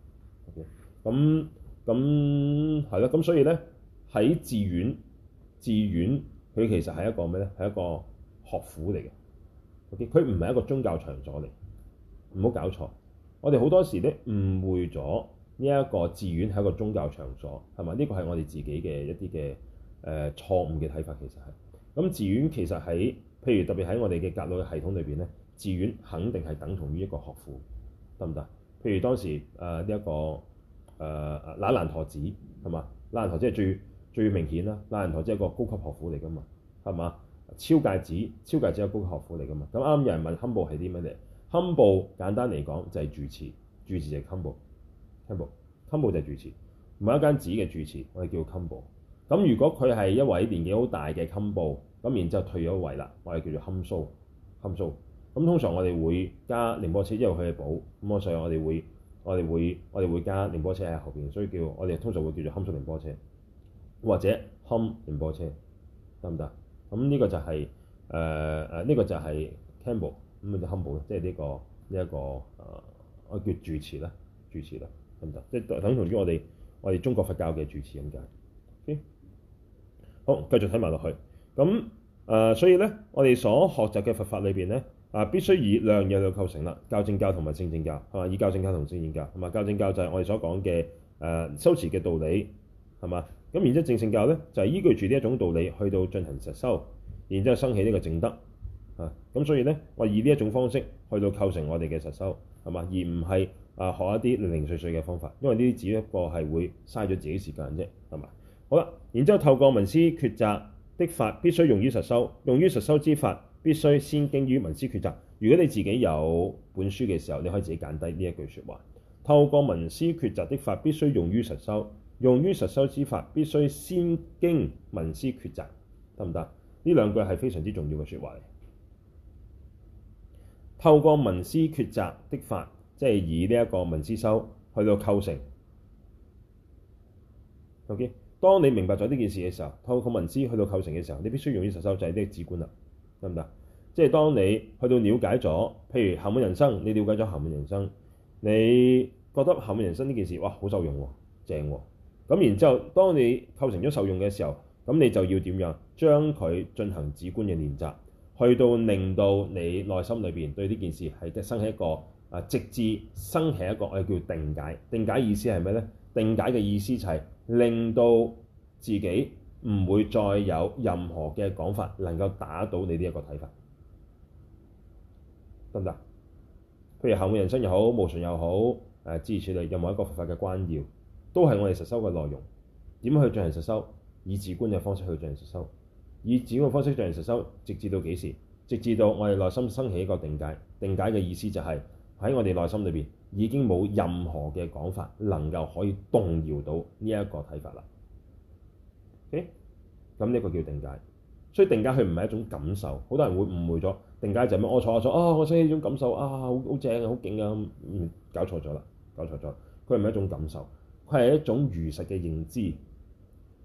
OK。咁咁係咯，咁、嗯嗯嗯嗯、所以咧喺寺院寺院，佢其實係一個咩咧？係一個學府嚟嘅。O.K.，佢唔係一個宗教場所嚟，唔好搞錯。我哋好多時咧誤會咗呢一個寺院係一個宗教場所，係咪？呢、這個係我哋自己嘅一啲嘅誒錯誤嘅睇法，其實係咁寺院其實喺譬如特別喺我哋嘅格魯嘅系統裏邊咧，寺院肯定係等同於一個學府，得唔得？譬如當時誒呢一個。呃這個誒誒，那爛、呃、陀寺係嘛？那爛陀即係最最明顯啦，那爛陀即係一個高級學府嚟噶嘛，係嘛？超戒寺、超戒寺係高級學府嚟噶嘛？咁啱有人問堪布係啲乜嘢？堪布簡單嚟講就係、是、住持，住持就係堪布，堪布堪布就係住持，某一間寺嘅住持我哋叫堪布。咁如果佢係一位年紀好大嘅堪布，咁然之後退咗位啦，我哋叫做堪蘇，堪蘇。咁通常我哋會加仁波切，因為佢係寶，咁所以我哋會。我哋會我哋會加仁波切喺後邊，所以叫我哋通常會叫做堪蘇仁波切，或者堪仁、um、波切得唔得？咁呢、嗯，這個就係誒誒，呢、呃，這個就係堪布咁啊，叫堪布咧，即係呢個呢一個誒，我叫住持咧，住持啦，得唔得？即係等同於我哋我哋中國佛教嘅住持咁解。好，繼續睇埋落去。咁、嗯、誒、呃，所以咧，我哋所學習嘅佛法裏邊咧。啊！必須以兩樣嘢去構成啦，教正教同埋正正教係嘛？以教正教同正正教同埋教正教就係我哋所講嘅誒修持嘅道理係嘛？咁然之後正正教咧就係、是、依據住呢一種道理去到進行實修，然之後升起呢個正德啊。咁所以咧，我以呢一種方式去到構成我哋嘅實修係嘛？而唔係啊學一啲零零碎碎嘅方法，因為呢啲只不過係會嘥咗自己時間啫係嘛？好啦，然之後透過聞思抉擇的法必須用於實修，用於實修之法，必須先經於聞思抉擇。如果你自己有本書嘅時候，你可以自己揀低呢一句説話。透過聞思抉擇的法，必須用於實修；用於實修之法，必須先經聞思抉擇，得唔得？呢兩句係非常之重要嘅説話嚟。透過聞思抉擇的法，即係以呢一個聞思修去到構成。OK，當你明白咗呢件事嘅時候，透過聞思去到構成嘅時候，你必須用於實修就，就係呢個智觀啦。得唔得？即係當你去到了解咗，譬如後面人生，你了解咗後面人生，你覺得後面人生呢件事，哇，好受用喎、啊，正喎、啊。咁然之後，當你構成咗受用嘅時候，咁你就要點樣將佢進行止觀嘅練習，去到令到你內心裏邊對呢件事係生起一個啊，直至生起一個我哋叫定解。定解意思係咩呢？定解嘅意思就係令到自己。唔會再有任何嘅講法能夠打倒你呢一個睇法，得唔得？譬如後面人生又好，無常又好，誒、啊，置疑處理，任何一個佛法嘅關要，都係我哋實修嘅內容。點樣去進行實修？以自觀嘅方式去進行實修，以自觀嘅方式進行實修，直至到幾時？直至到我哋內心生起一個定解。定解嘅意思就係、是、喺我哋內心裏邊已經冇任何嘅講法能夠可以動搖到呢一個睇法啦。咁呢一個叫定解，所以定解佢唔係一種感受，好多人會誤會咗、嗯、定解就係咩？我坐錯咗，我想呢種感受啊，好好正好啊，好勁啊，搞錯咗啦，搞錯咗，佢唔係一種感受，佢係一種如實嘅認知。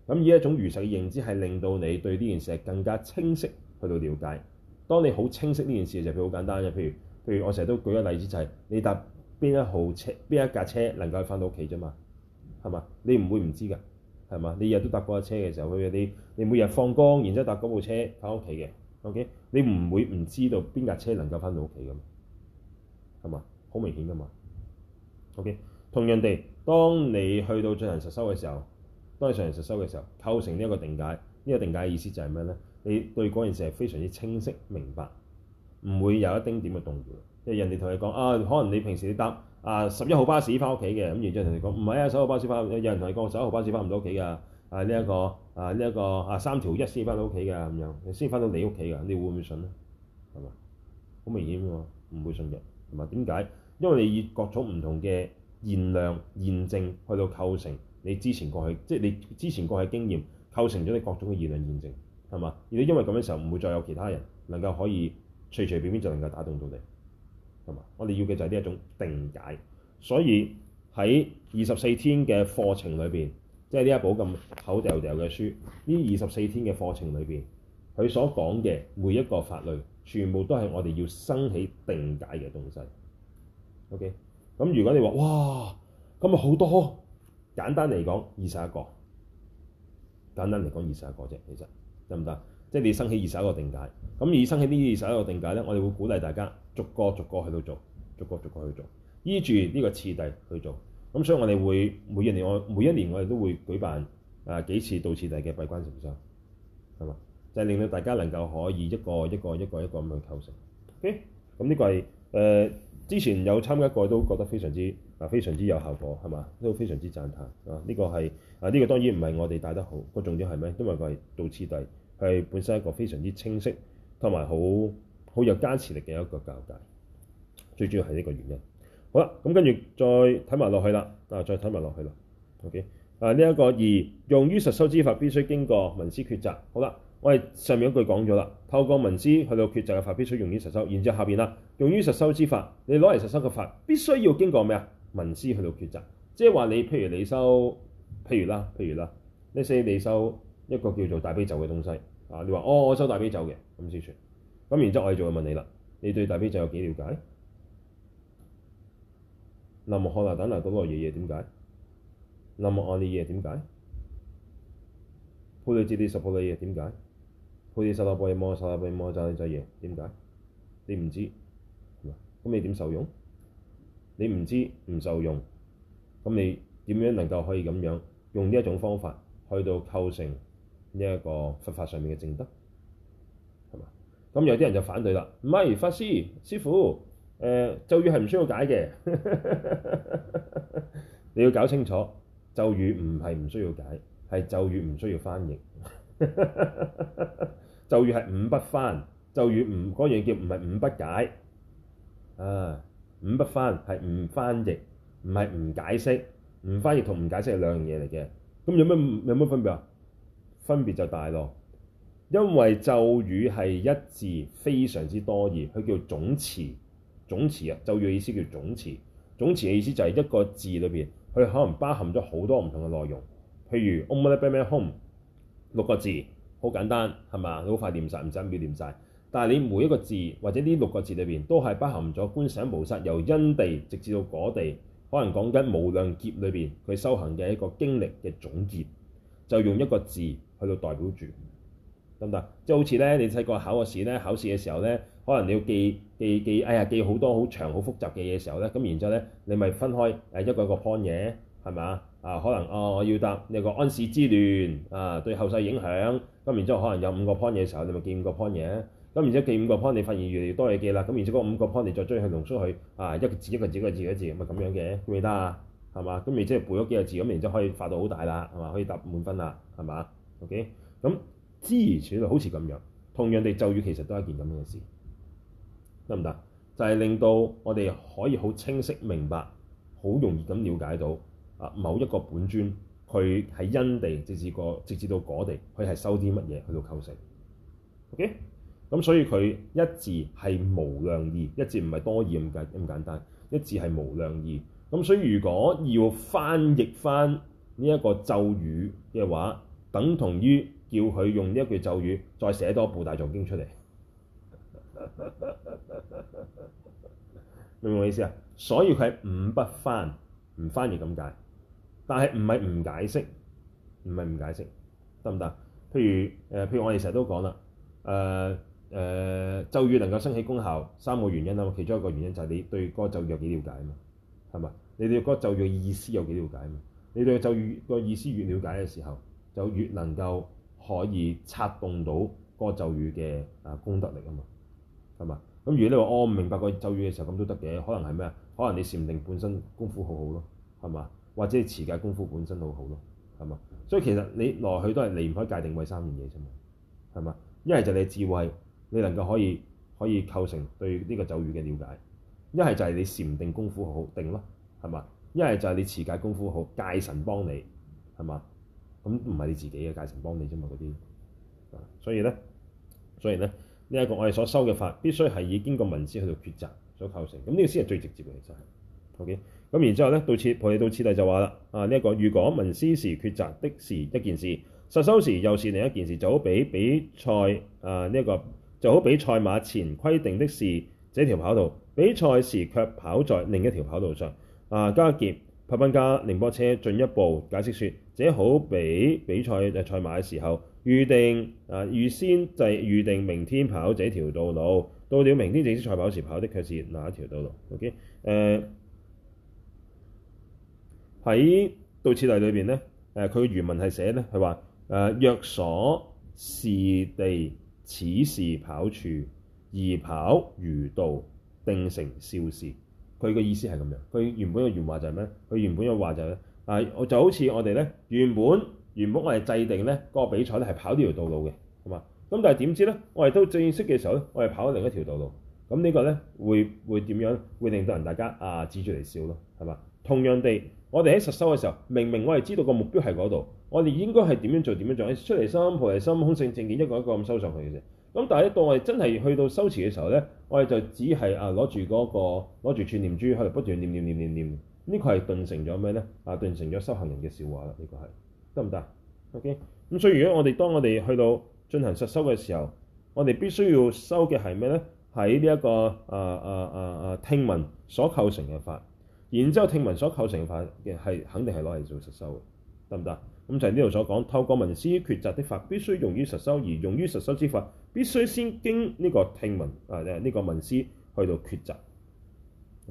咁以一種如實嘅認知係令到你對呢件事係更加清晰去到了解。當你好清晰呢件事就譬如好簡單嘅，譬如譬如我成日都舉個例子就係、是、你搭邊一號車，邊一架車能夠去翻到屋企啫嘛，係嘛？你唔會唔知㗎。係嘛？你日都搭嗰架車嘅時候，譬如你你每日放工，然之後搭嗰部車翻屋企嘅，OK？你唔會唔知道邊架車能夠翻到屋企嘅，係嘛？好明顯嘅嘛，OK？同樣哋當你去到進行實修嘅時候，當你進行實修嘅時候，構成呢一個定解，呢個定解嘅意思就係咩咧？你對嗰件事係非常之清晰明白，唔會有一丁點嘅動搖。因為人哋同你講啊，可能你平時你搭。啊！十一號巴士翻屋企嘅，咁然之後同你講，唔係啊！十一號巴士翻，有人同你講十一號巴士翻唔到屋企㗎。啊呢一個啊呢一個啊三條一先翻到屋企㗎咁樣，你先翻到你屋企㗎，你會唔會信咧？係嘛？好明顯喎，唔會信嘅，係嘛？點解？因為你以各種唔同嘅現量驗證去到構成你之前過去，即係你之前過去經驗構成咗你各種嘅現量驗證，係嘛？你因為咁嘅時候，唔會再有其他人能夠可以隨隨便便就能夠打動到你。我哋要嘅就係呢一種定解，所以喺二十四天嘅課程裏邊，即係呢一本咁厚掉掉嘅書，呢二十四天嘅課程裏邊，佢所講嘅每一個法類，全部都係我哋要生起定解嘅東西。OK，咁如果你話哇，咁啊好多，簡單嚟講二十一個，簡單嚟講二十一個啫，其實得唔得？行。即係你生起二十一個定解。咁而生起呢二十一個定解咧，我哋會鼓勵大家逐個逐個去到做，逐個逐個去做，依住呢個次第去做。咁所以我哋會每一年我每一年我哋都會舉辦誒、啊、幾次道次第嘅閉關營修，係嘛，就是、令到大家能夠可以一個一個一個一個咁去構成。O K，咁呢個係誒、呃、之前有參加過都覺得非常之啊，非常之有效果係嘛，都非常之讚歎啊。呢、這個係啊呢、這個當然唔係我哋帶得好，個重點係咩？因為佢係道次第。係本身一個非常之清晰，同埋好好有加持力嘅一個教界，最主要係呢個原因。好啦，咁跟住再睇埋落去啦，嗱、啊，再睇埋落去啦。O K，啊，呢、這、一個二，用於實修之法必須經過聞思抉擇。好啦，我哋上面一句講咗啦，透過聞思去到抉擇嘅法必須用於實修。然之後下邊啦，用於實修之法，你攞嚟實修嘅法必須要經過咩啊？聞思去到抉擇，即係話你譬如你修，譬如啦，譬如啦，你四你修。一個叫做大悲咒嘅東西啊！你話哦，我收大悲咒嘅咁先算。咁、啊、然之後我哋就會問你啦，你對大悲咒有幾了解？那無喝牛等牛奶多來爺點解？那無按爺爺點解？配對字啲十配對嘢點解？配對十粒波爺摸十粒波爺摸就就爺點解？你唔知，咁你點受用？你唔知唔受用，咁你點樣能夠可以咁樣用呢一種方法去到構成？呢一個佛法上面嘅證德係嘛？咁有啲人就反對啦，唔係法師師傅誒、呃，咒語係唔需要解嘅。 *laughs* 你要搞清楚咒語唔係唔需要解，係咒語唔需要翻譯。 *laughs* 咒語係五不翻，咒語唔嗰樣叫唔係五不解啊，五不翻係唔翻譯，唔係唔解釋，唔翻譯同唔解釋係兩樣嘢嚟嘅。咁有咩有咩分別啊？分別就大咯，因為咒語係一字非常之多義，佢叫總詞總詞啊。咒語嘅意思叫總詞，總詞嘅意思就係一個字裏邊，佢可能包含咗好多唔同嘅內容。譬如 Om Mani Padme Hum，六個字好簡單，係嘛？好快念晒，唔使表念晒。但係你每一個字或者呢六個字裏邊都係包含咗觀想、模式。由因地直至到果地，可能講緊無量劫裏邊佢修行嘅一個經歷嘅總結，就用一個字。去到代表住得唔得？即係好似咧，你細個考個試咧，考試嘅時候咧，可能你要記記記，哎呀，記好多好長好複雜嘅嘢時候咧，咁然之後咧，你咪分開誒一個一個 point 嘢係咪啊？啊，可能哦，我要答你個安史之亂啊，對後世影響。咁然之後可能有五個 point 嘢嘅時候，你咪記五個 point 嘢。咁然之後記五個 point，你發現越嚟越多嘢記啦。咁然之後嗰五個 point 你再追去讀出去啊，一個字一個字一個字一個字咁啊咁樣嘅，得唔得啊？係嘛？咁咪即係背咗幾個字咁，然之後可以發到好大啦，係嘛？可以答滿分啦，係嘛？OK，咁之而處就好似咁樣，同樣地，咒語其實都係一件咁樣嘅事，得唔得？就係、是、令到我哋可以好清晰明白，好容易咁了解到啊。某一個本尊佢喺因地直，直至個直至到果地，佢係收啲乜嘢去到構成 OK。咁所以佢一字係無量義，一字唔係多意，咁咁簡單，一字係無量義。咁所以如果要翻譯翻呢一個咒語嘅話，等同於叫佢用呢一句咒語再寫多部大藏經出嚟， *laughs* 明唔明我意思啊？所以佢係五不翻，唔翻而咁解，但係唔係唔解釋，唔係唔解釋，得唔得？譬如誒、呃，譬如我哋成日都講啦，誒、呃、誒、呃，咒語能夠升起功效三個原因啊，其中一個原因就係你對個咒語有幾了解啊嘛，係嘛？你對個咒語意思有幾了解啊嘛？你對個咒語意對個咒語意思越了解嘅時候，就越能夠可以策動到嗰個咒語嘅啊功德力啊嘛，係嘛？咁如果你話我唔明白個咒語嘅時候，咁都得嘅，可能係咩啊？可能你禪定本身功夫好好咯，係嘛？或者你持戒功夫本身好好咯，係嘛？所以其實你來去都係離唔開戒定慧三樣嘢啫嘛，係嘛？一係就你智慧，你能夠可以可以構成對呢個咒語嘅了解；一係就係你禪定功夫好定咯，係嘛？一係就係你持戒功夫好，戒神幫你，係嘛？咁唔係你自己嘅，戒成幫你啫嘛嗰啲，所以咧，所以咧，呢一個我哋所修嘅法必須係以經過聞思去到抉擇所構成，咁呢個先係最直接嘅，其實係，OK，咁然之後咧，道次菩提道次第就話啦，啊，呢、這、一個如果聞思時抉擇的是一件事，實修時又是另一件事，就好比比賽啊呢一、這個，就好比賽馬前規定的是這條跑道，比賽時卻跑在另一條跑道上，啊，嘉傑。帕繃喀寧波車進一步解釋說：這好比比賽就賽馬嘅時候，預定啊、呃、預先就預定明天跑這條道路，到了明天正式賽跑時跑的卻是另一條道路。OK，誒喺道次第裏邊咧，誒佢原文係寫呢係話誒若所是地此時跑處，而跑如道，定成少事。佢嘅意思係咁樣，佢原本嘅原話就係咩？佢原本嘅話就係、是、咧，啊，就好似我哋咧，原本原本我哋制定咧嗰個比賽咧係跑呢條道路嘅，係嘛？咁但係點知咧，我哋都正式嘅時候咧，我哋跑另一條道路，咁呢個咧會會點樣？會令到人大家啊指住嚟笑咯，係嘛？同樣地，我哋喺實修嘅時候，明明我哋知道個目標係嗰度，我哋應該係點樣做點樣做？出離心、菩提心、空性正見一個一個咁修上去嘅啫。咁但係一到我哋真係去到修持嘅時候咧，我哋就只係啊攞住嗰個攞住串念珠喺度不斷念念念念念。呢個係頓成咗咩咧？啊，頓成咗修行人嘅笑話啦，呢個係得唔得？OK，咁所以如果我哋當我哋去到進行實修嘅時候，我哋必須要修嘅係咩咧？喺呢一個啊啊啊啊聽聞所構成嘅法，然之後聽聞所構成嘅法嘅係肯定係攞嚟做實修嘅。得唔得？咁、嗯、就係呢度所講，透過聞思抉擇的法，必須用於實修；而用於實修之法，必須先經呢個聽聞啊，呢、這個聞思去到抉擇。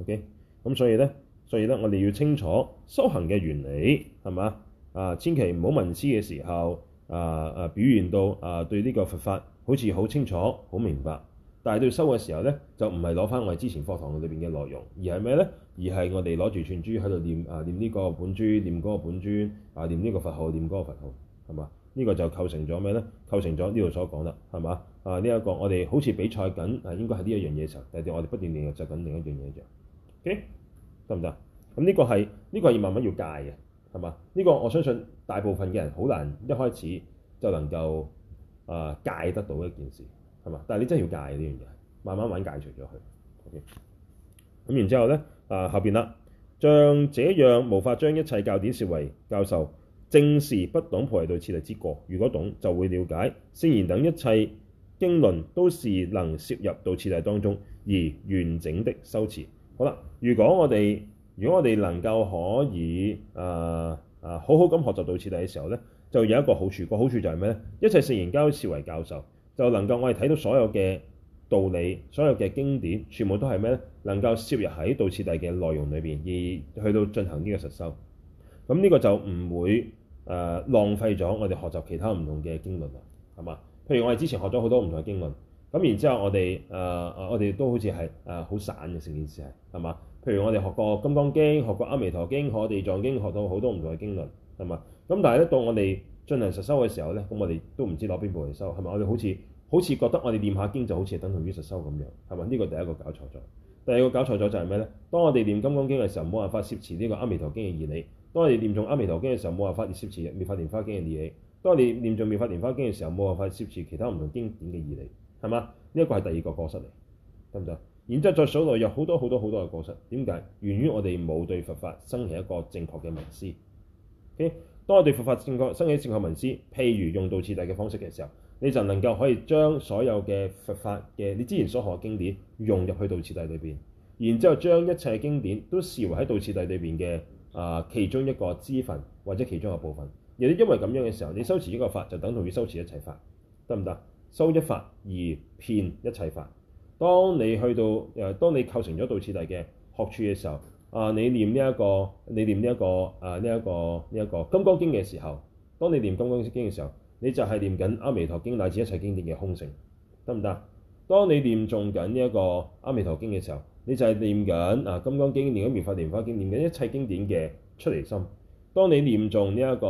OK，咁所以咧，所以咧，我哋要清楚修行嘅原理，係嘛啊？千祈唔好聞思嘅時候啊啊，表現到啊對呢個佛法好似好清楚、好明白。但係對修嘅時候咧，就唔係攞翻我哋之前課堂裏邊嘅內容，而係咩咧？而係我哋攞住串珠喺度念啊，念呢個本尊，念嗰個本尊，啊，念呢個佛號，念嗰個佛號，係嘛？呢、這個就構成咗咩咧？構成咗呢度所講啦，係嘛？啊，呢、這、一個我哋好似比賽緊啊，應該係呢一樣嘢時候，但係我哋不斷練習緊另一樣嘢一樣，OK，得唔得？咁呢個係呢、這個係要慢慢要戒嘅，係嘛？呢、這個我相信大部分嘅人好難一開始就能夠啊、呃、戒得到一件事。係嘛？但係你真係要戒呢樣嘢，慢慢揾戒除咗佢。OK，咁然之後咧，啊後邊啦，像這樣無法將一切教典視為教授，正是不懂菩提道次第之過。如果懂，就會了解聖言等一切經論都是能攝入道次第當中而完整的修持。好啦，如果我哋如果我哋能夠可以、呃、啊啊好好咁學習道次第嘅時候咧，就有一個好處。個好處就係咩咧？一切聖言皆視為教授。就能夠我哋睇到所有嘅道理，所有嘅經典，全部都係咩咧？能夠攝入喺道次第嘅內容裏邊，而去到進行呢個實修。咁呢個就唔會誒、呃、浪費咗我哋學習其他唔同嘅經論啊，係嘛？譬如我哋之前學咗好多唔同嘅經論，咁然之後我哋誒誒我哋都好似係誒好散嘅成件事係，係嘛？譬如我哋學過《金剛經》，學過《阿彌陀經》，學地藏經，學到好多唔同嘅經論，係嘛？咁但係一到我哋進行實修嘅時候咧，咁我哋都唔知攞邊部嚟修，係咪？我哋好似好似覺得我哋念下經就好似等同於實修咁樣，係咪？呢個第一個搞錯咗。第二個搞錯咗就係咩咧？當我哋念《金剛經》嘅時候，冇辦法攝持呢個《阿彌陀經》嘅義理；當我哋唸誦《阿彌陀經》嘅時候，冇辦法攝持《妙法蓮花經》嘅義理；當我哋唸誦《妙法蓮花經》嘅時候，冇辦法攝持其他唔同經典嘅義理，係嘛？呢一個係第二個過失嚟，得唔得？然之後再數落有好多好多好多嘅過失，點解？源於我哋冇對佛法生起一個正確嘅聞思。Okay? 當我哋對佛法正確生起正確聞思，譬如用道次第嘅方式嘅時候，你就能夠可以將所有嘅佛法嘅你之前所學嘅經典，融入去道次第裏邊，然之後將一切嘅經典都視為喺道次第裏邊嘅啊其中一個支分或者其中一個部分。而因為咁樣嘅時候，你修持一個法就等同於修持一切法，得唔得？修一法而遍一切法。當你去到誒、呃，當你構成咗道次第嘅學處嘅時候。啊！你念呢、這、一個，你念呢、這、一個，啊呢一個呢一個《這個、金剛經》嘅時候，當你念《金剛經》嘅時候，你就係念緊《阿彌陀經》乃至一切經典嘅空性，得唔得？當你念誦緊呢一個《阿彌陀經》嘅時候，你就係念緊啊《金剛經》、念緊《妙法蓮花經》、念緊一切經典嘅出離心。當你念誦呢一個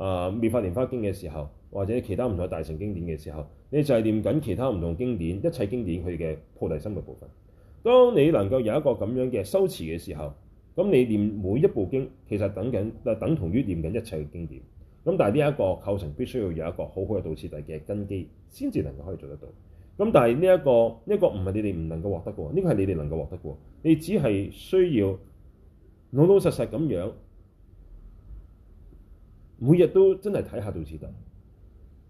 啊《妙、呃、法蓮花經》嘅時候，或者其他唔同大乘經典嘅時候，你就係念緊其他唔同經典、一切經典佢嘅菩提心嘅部分。當你能夠有一個咁樣嘅修持嘅時候，咁你念每一部經，其實等緊，就等同於念緊一切嘅經典。咁但係呢一個構成，必須要有一個好好嘅道次第嘅根基，先至能夠可以做得到。咁但係呢一個，呢、這、一個唔係你哋唔能夠獲得嘅，呢、這個係你哋能夠獲得嘅。你只係需要老老實實咁樣，每日都真係睇下道次第，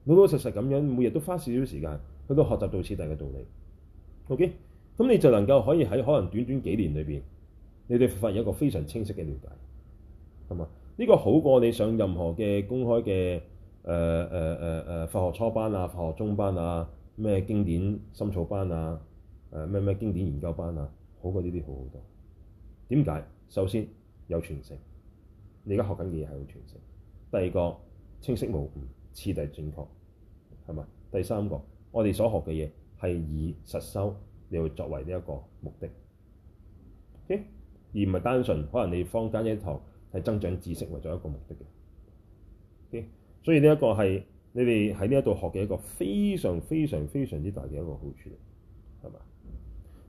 老老實實咁樣，每日都花少少時間去到學習道次第嘅道理。OK。咁你就能夠可以喺可能短短幾年裏邊，你對佛學有一個非常清晰嘅了解，係嘛？呢、這個好過你上任何嘅公開嘅誒誒誒誒佛學初班啊、佛學中班啊、咩經典深造班啊、誒咩咩經典研究班啊，好過呢啲好好多。點解？首先有傳承，你而家學緊嘅嘢係有傳承；第二個清晰無誤，次第正確係嘛？第三個我哋所學嘅嘢係以實修。你要作為呢、okay? 一,一個目的，而唔係單純可能你放間一堂係增長知識為咗一個目的嘅。所以呢一個係你哋喺呢一度學嘅一個非常非常非常之大嘅一個好處嚟，係嘛？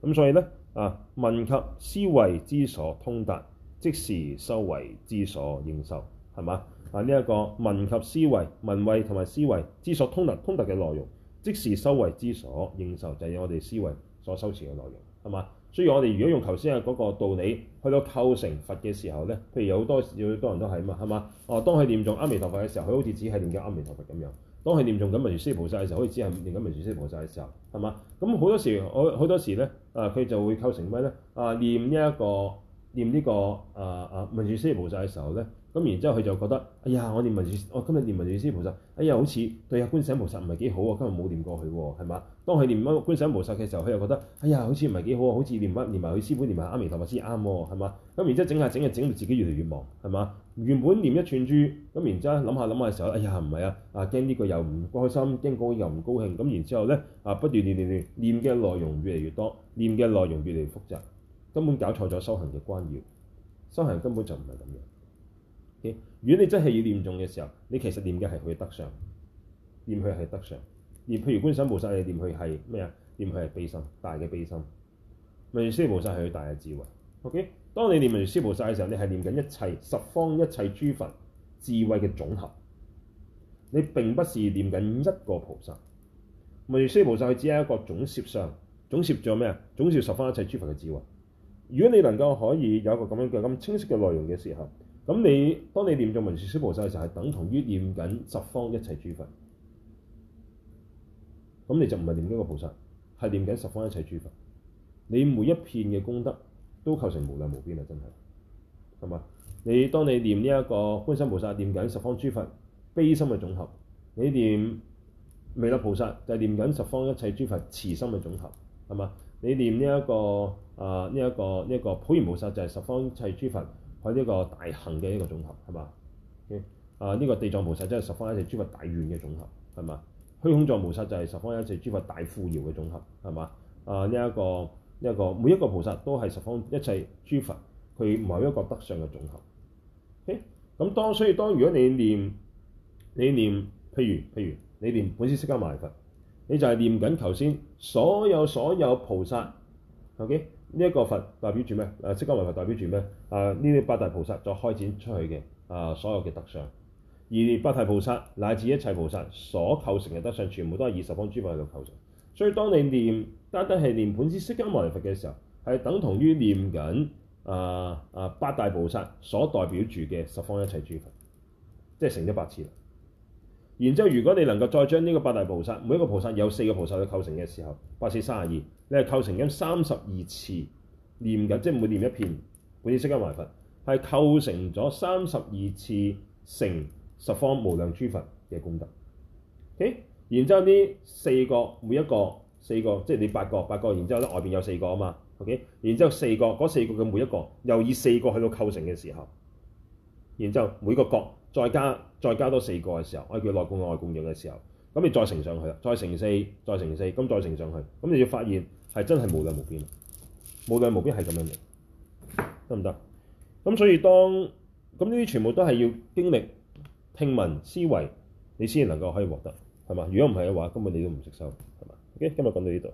咁所以呢，啊，聞及思維之所通達，即是修為之所應受，係嘛？啊呢一個聞及思維、聞慧同埋思維之所通達、通達嘅內容，即是修為之所應受，就係、是、我哋思維。所修持嘅內容係嘛？所以我哋如果用頭先嘅嗰個道理去到構成佛嘅時候咧，譬如有好多好多人都係啊嘛，係嘛？哦，當佢念誦阿彌陀佛嘅時候，佢好似只係念緊阿彌陀佛咁樣；當佢念誦緊文殊師菩薩嘅時候，好似只係念緊文殊師菩薩嘅時候，係嘛？咁好多時我好多時咧，啊佢就會構成咩咧？啊念呢一個念呢個啊啊文殊師菩薩嘅時候咧？咁然之後，佢就覺得：哎呀，我念文殊我今日念文殊師菩薩。哎呀，好似對阿觀想菩薩唔係幾好啊！今日冇念過佢喎，係嘛？當佢念乜觀想菩薩嘅時候，佢又覺得：哎呀，好似唔係幾好啊！好似念乜念埋佢師父，念埋阿彌陀佛先啱，係嘛？咁然之後整下整下整到自己越嚟越忙，係嘛？原本念一串珠，咁然之後諗下諗下嘅時候，哎呀，唔係啊！啊驚呢個又唔開心，驚嗰個又唔高興，咁然之後咧啊不斷念念念，念嘅內容越嚟越多，念嘅內容越嚟越複雜，根本搞錯咗修行嘅關要。修行根本就唔係咁樣。Okay? 如果你真係要念重嘅時候，你其實念嘅係佢嘅德相，念佢係德相。而譬如觀想菩薩，你念佢係咩啊？念佢係悲心大嘅悲心。文殊菩薩係佢大嘅智慧。O.K.，當你念文殊菩薩嘅時候，你係念緊一切十方一切諸佛智慧嘅總合。你並不是念緊一個菩薩。文殊菩薩佢只係一個總攝相，總攝做咩啊？總攝十方一切諸佛嘅智慧。如果你能夠可以有一個咁樣嘅咁清晰嘅內容嘅時候，咁你當你念做文殊師菩薩嘅時候，係、就是、等同於念緊十方一切諸佛。咁你就唔係念一個菩薩，係念緊十方一切諸佛。你每一片嘅功德都構成無量無邊啊！真係，係嘛？你當你念呢一個觀心菩薩，念緊十方諸佛悲心嘅總合；你念彌勒菩薩，就係念緊十方一切諸佛慈心嘅總合，係嘛？你念呢一個啊，呢一個呢個普賢菩薩，就係十方一切諸佛，喺呢個大行嘅一個總合，係嘛？誒、啊，呢、這個地藏菩薩即係十方一切諸佛大願嘅總合，係嘛？虛空藏菩薩就係十方一切諸佛大富饒嘅總合，係嘛？啊，呢、這、一個呢一、這個每一個菩薩都係十方一切諸佛，佢某一個德相嘅總合。咁、啊、當所以當,當如果你念你念譬如譬如,譬如你念本師釋迦牟尼佛，你就係念緊頭先所有所有菩薩，OK。呢一個佛代表住咩？誒，釋迦牟尼佛代表住咩？誒，呢啲八大菩薩再開展出去嘅誒、啊、所有嘅德相，而八大菩薩乃至一切菩薩所構成嘅德相，全部都係以十方諸佛喺度構成。所以當你念單單係念本師釋迦牟尼佛嘅時候，係等同於念緊誒誒八大菩薩所代表住嘅十方一切諸佛，即係成一百次。然之後，如果你能夠再將呢個八大菩薩，每一個菩薩有四個菩薩去構成嘅時候，八四三二，你係構成緊三十二次念緊，即係每念一片，每次釋迦牟尼佛係構成咗三十二次成十方無量諸佛嘅功德。O、okay? K，然之後呢四個每一個四個，即係你八個八個，然之後咧外邊有四個啊嘛。O、okay? K，然之後四個嗰四個嘅每一個又以四個去到構成嘅時候，然之後每個角。再加再加多四個嘅時候，我叫內供外供嘅時候，咁你再乘上去啦，再乘四，再乘四，咁再乘上去，咁你要發現係真係無量無邊，無量無邊係咁樣嘅，得唔得？咁所以當咁呢啲全部都係要經歷聽聞思維，你先能夠可以獲得，係嘛？如果唔係嘅話根本你都唔識收，係嘛？OK，今日講到呢度。